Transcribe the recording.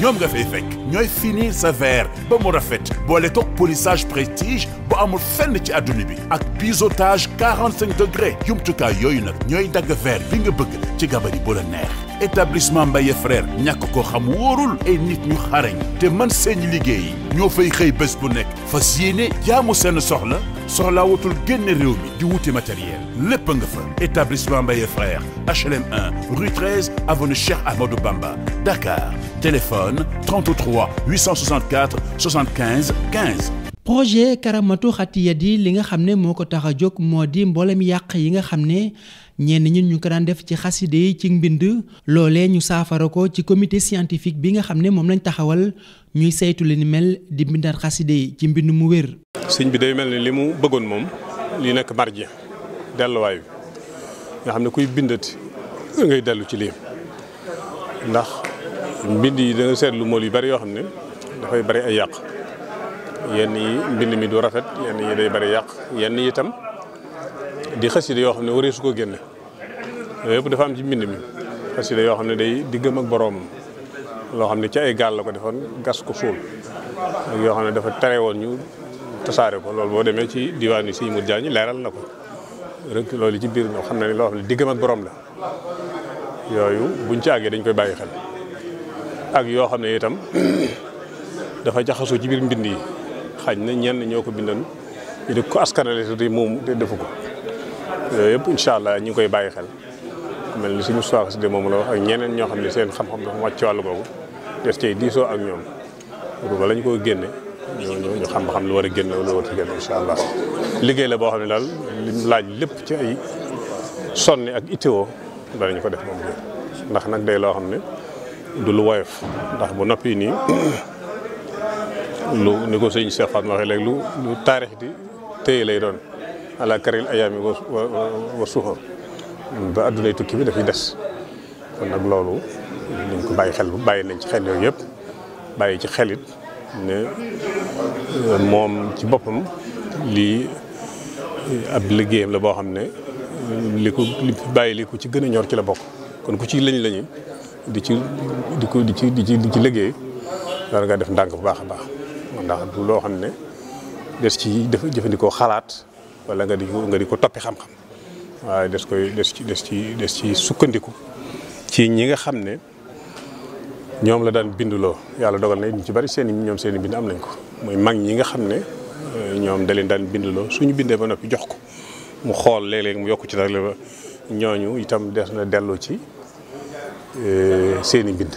ñoom nga fay fekk ñooy finir sa verre ba mu rafet boole ko polissage prestige bu amul fenn ci adduna bi ak biseautage 45 degré jumtukaay yooyu nag ñooy dagg verre bi nga bëgg ci gabari bu la neex. établissement Mbaye frère ñàkk ko xam wóorul ay nit ñu xarañ te mën seen liggéey ñoo fay xëy bés bu nekk fas yéene jaamu seen soxla soxlaa wutul génne réew di wuti matériel lépp nga fa établissement Mbaye frère HLM 1 rue 13 avenue Cheikh Amadou Bamba Dakar téléphone 33 864 75 15 projet karamatu xatiya di li nga xam ne moo ko tax a jóg moo di mboolem yàq yi nga xam ne ñenn ñun ñu ko daan def ci xaside yi ci mbind loole ñu saafara ko ci comité scientifique bi nga xam ne moom lañ taxawal ñuy saytu li ni mel di mbindaat xaside yi ci mbind mu wér. sëñ bi day mel ni li mu bëggoon moom li nekk marje delluwaay nga xam ne kuy bindati ngay dellu ci lii ndax mbind yi da nga seetlu mool yu bari yoo xam ne dafay bari ay yàq. yenn yi mbind mi du rafet yenn yi day bari yàq yenn yi itam di xasida yoo xam ne waree su ko génne dafa am ci mbind mi xasida yoo xam ne day diggam ak boroomam loo xam ne ci ay gaal la ko defoon gas ko suul yoo xam ne dafa tere woon ñu tasaare ko loolu boo demee ci diwaan yi si mut jaa ñi leeral na ko rek loolu ci biir ñoo xam ne loo xam ne diggam ak boroom la yooyu buñ ci àggee dañ koy bàyyi xel ak yoo xam ne itam dafa jaxasoo ci biir mbind yi xaaj na ñenn ñoo ko bindoon ñu di ko askanale te moom te defu ko yooyu yëpp incha allah ñu ngi koy bàyyi xel mel ni suñu soix de moom la wax ak ñeneen ñoo xam ne seen xam-xam dafa wàcc ci wàllu googu des cay diisoo ak ñoom pour bala ñu ko génne ñoo ñu xam xam lu war a génn lu war a génn incha allah liggéey la boo xam ne daal lim laaj lépp ci ay sonni ak ittéo ñu ko def moom ndax nag day loo xam ne du lu woyof ndax bu noppi nii lu ni ko sëñ Cheikh Fatma waxee lu lu taarix di téye lay doon ala karil ayaami wa wa suuxa ba addunay tukki bi dafay des kon nag loolu nañ ko bàyyi xel bu bàyyi nañ ci xel yooyu yëpp bàyyi ci xelit ne euh, moom ci boppam lii euh, ab liggéeyam la boo xam ne li ko li bàyyi li ko ci gën a ñor ci la bokk kon ku ci lañ lañu di ci di ko di ci di ci liggéey war def ndànk bu baax a baax ndax du loo xam ne des ci def jëfandikoo xalaat wala nga di ko nga ko toppi xam-xam waaye des koy des ci des ci des ci sukkandiku ci ñi nga xam ne ñoom la daan binduloo yàlla dogal na ñu ci bari seen ñoom seen i bind am nañ ko muy mag ñi nga xam ne euh, ñoom da leen daan binduloo suñu bindee ba noppi jox ko mu xool léeg mu yokk ci dara ñooñu itam des na delloo ci euh, seeni i mbind